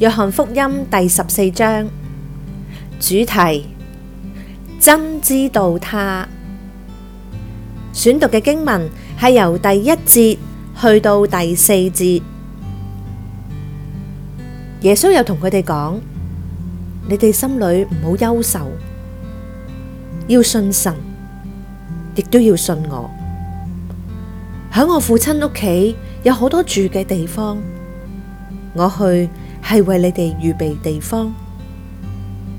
約翰福音第十四章主題真知道祂選讀嘅經文係由第一節去到第四節。耶穌又同佢哋講：你哋心裏唔好憂愁，要信神，亦都要信我。響我父親屋企有好多住嘅地方，我去。係為你哋預備地方，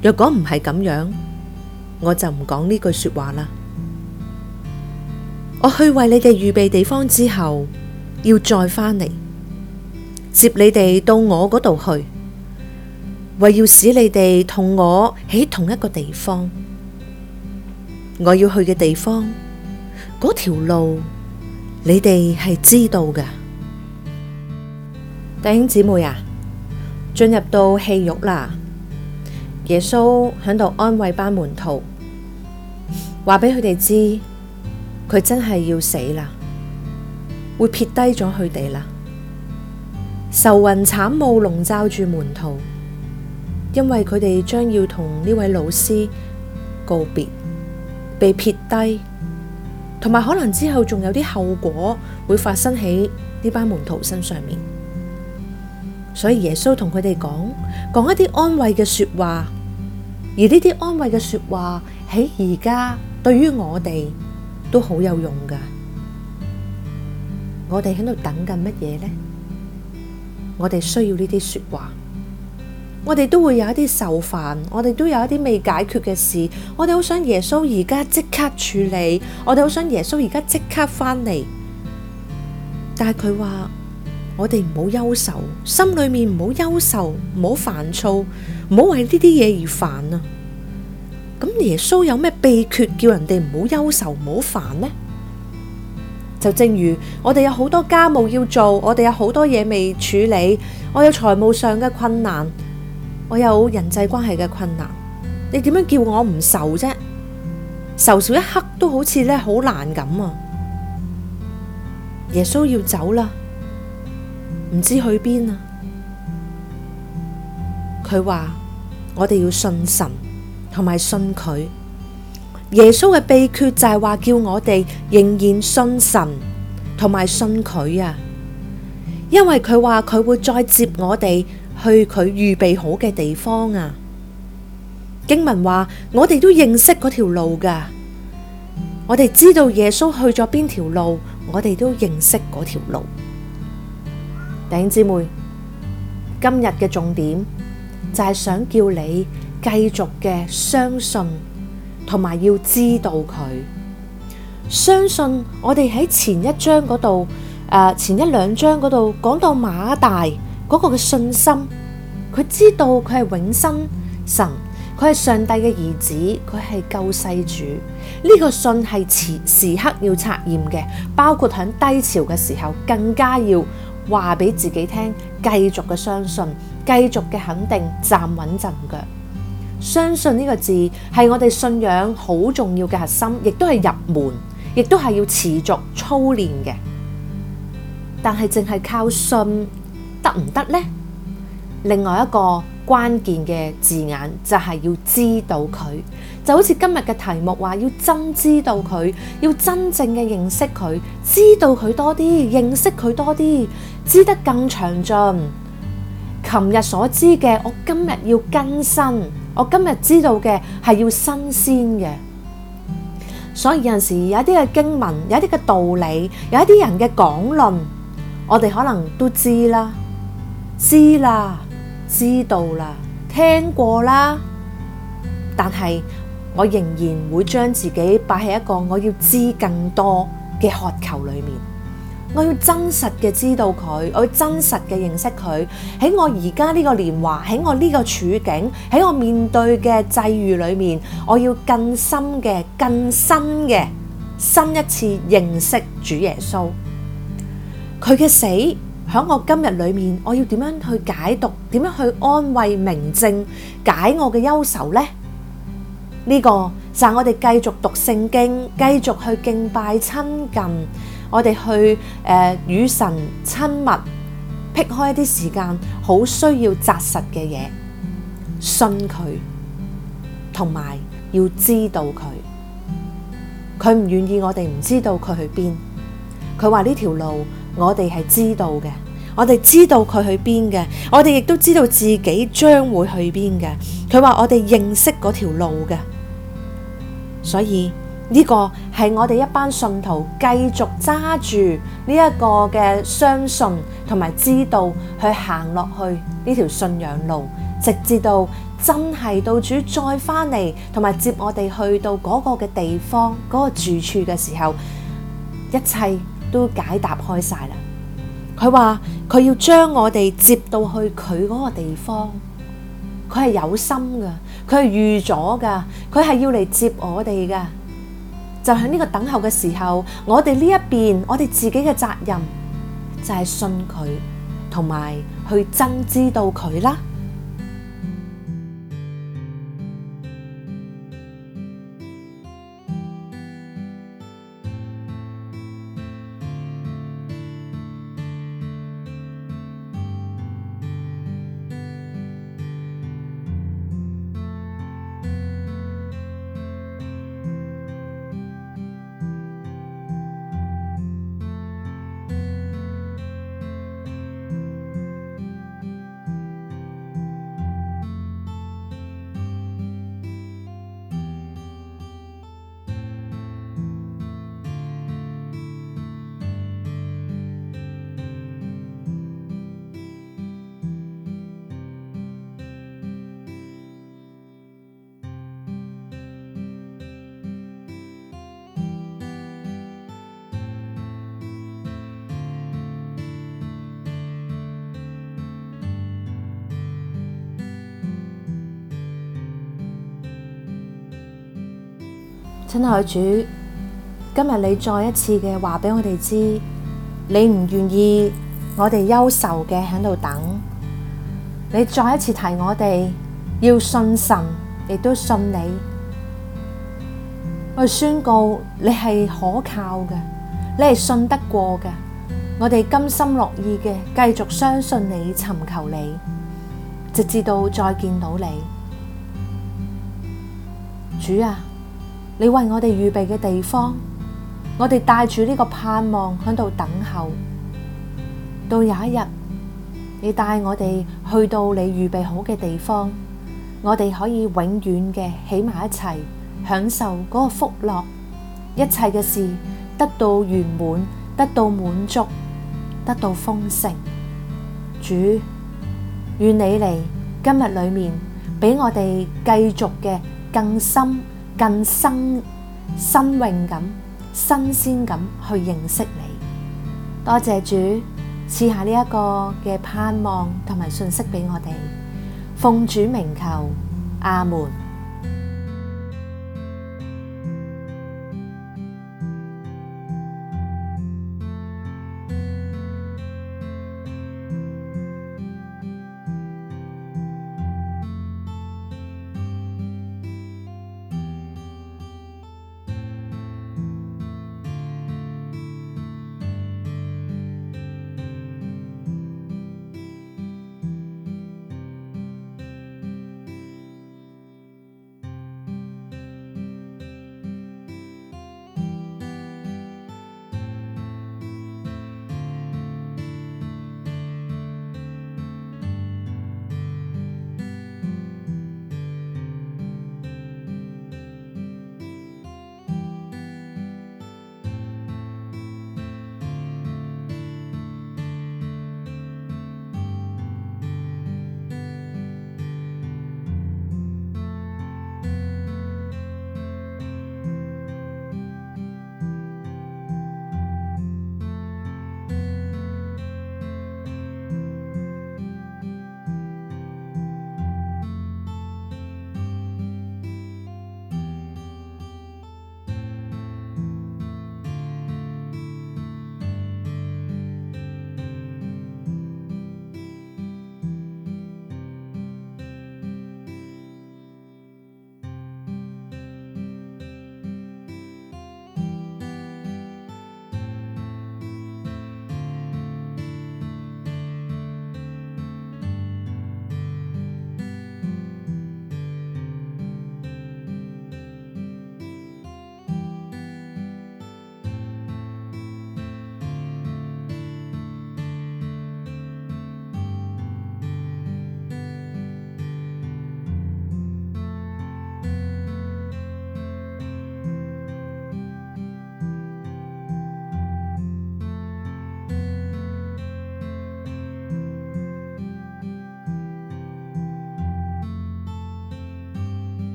若果唔係咁樣，我就唔講呢句說話啦。我去為你哋預備地方之後，要再返嚟接你哋到我嗰度去，為要使你哋同我喺同一個地方。我要去嘅地方，嗰條路你哋係知道㗎，弟兄姊妹啊！進入到戲肉啦，耶穌喺度安慰班門徒，話畀佢哋知佢真係要死啦，會撇低咗佢哋啦，愁雲慘霧籠罩住門徒，因為佢哋將要同呢位老師告別，被撇低，同埋可能之後仲有啲後果會發生喺呢班門徒身上面。所以耶穌同佢哋講，講一啲安慰嘅說話，而呢啲安慰嘅說話喺而家對於我哋都好有用噶。我哋喺度等緊乜嘢呢？我哋需要呢啲說話，我哋都會有一啲愁煩，我哋都有一啲未解決嘅事，我哋好想耶穌而家即刻處理，我哋好想耶穌而家即刻翻嚟，但係佢話。我哋唔好憂愁，心裏面唔好憂愁，唔好煩躁，唔好為呢啲嘢而煩啊！咁耶穌有咩秘訣叫人哋唔好憂愁、唔好煩呢？就正如我哋有好多家務要做，我哋有好多嘢未處理，我有財務上嘅困難，我有人際關係嘅困難，你點樣叫我唔愁啫？愁少一刻都好似咧好難咁啊！耶穌要走啦。唔知去邊啊！佢話我哋要信神，同埋信佢。耶穌嘅秘訣就係話叫我哋仍然信神，同埋信佢啊！因為佢話佢會再接我哋去佢預備好嘅地方啊！經文話我哋都認識嗰條路噶，我哋知道耶穌去咗邊條路，我哋都認識嗰條路。弟兄姊妹，今日嘅重點就係想叫你繼續嘅相信，同埋要知道佢。相信我哋喺前一章嗰度，誒，前一兩章嗰度講到馬大嗰個嘅信心，佢知道佢係永生神，佢係上帝嘅兒子，佢係救世主。呢個信係時時刻要測驗嘅，包括喺低潮嘅時候更加要。話俾自己聽，繼續嘅相信，繼續嘅肯定，站穩陣腳。相信呢個字係我哋信仰好重要嘅核心，亦都係入門，亦都係要持續操練嘅。但係淨係靠信得唔得呢？另外一個。關鍵嘅字眼就係要知道佢，就好似今日嘅題目話要真知道佢，要真正嘅認識佢，知道佢多啲，認識佢多啲，知得更詳盡。琴日所知嘅，我今日要更新，我今日知道嘅係要新鮮嘅。所以有陣時有一啲嘅經文，有一啲嘅道理，有一啲人嘅講論，我哋可能都知啦，知啦。知道啦，聽過啦，但係我仍然會將自己擺喺一個我要知更多嘅渴求裏面，我要真實嘅知道佢，我要真實嘅認識佢，喺我而家呢個年華，喺我呢個處境，喺我面對嘅際遇裏面，我要更深嘅、更深嘅深一次認識主耶穌，佢嘅死。喺我今日裏面，我要點樣去解讀？點樣去安慰明正解我嘅憂愁呢？呢、這個就係我哋繼續讀聖經，繼續去敬拜親近，我哋去誒、呃、與神親密，辟開一啲時間，好需要扎實嘅嘢，信佢，同埋要知道佢，佢唔願意我哋唔知道佢去邊。佢話呢條路。我哋係知道嘅，我哋知道佢去邊嘅，我哋亦都知道自己將會去邊嘅。佢話我哋認識嗰條路嘅，所以呢個係我哋一班信徒繼續揸住呢一個嘅相信同埋知道去行落去呢條信仰路，直至到真係到主再翻嚟，同埋接我哋去到嗰個嘅地方，嗰個住處嘅時候，一切。都解答開晒啦！佢話佢要將我哋接到去佢嗰個地方，佢係有心噶，佢係預咗噶，佢係要嚟接我哋噶。就喺呢個等候嘅時候，我哋呢一邊，我哋自己嘅責任就係、是、信佢，同埋去真知道佢啦。親愛主，今日你再一次嘅話俾我哋知，你唔願意我哋憂愁嘅喺度等，你再一次提我哋要信神，亦都信你，我宣告你係可靠嘅，你係信得過嘅，我哋甘心樂意嘅繼續相信你，尋求你，直至到再見到你，主啊！你為我哋預備嘅地方，我哋帶住呢個盼望喺度等候，到有一日你帶我哋去到你預備好嘅地方，我哋可以永遠嘅喺埋一齊，享受嗰個福樂，一切嘅事得到圓滿，得到滿足，得到豐盛。主願你嚟今日裏面，俾我哋繼續嘅更深。更新、新穎、感新鮮感去認識你，多謝主賜下呢一個嘅盼望同埋信息畀我哋，奉主名求，阿門。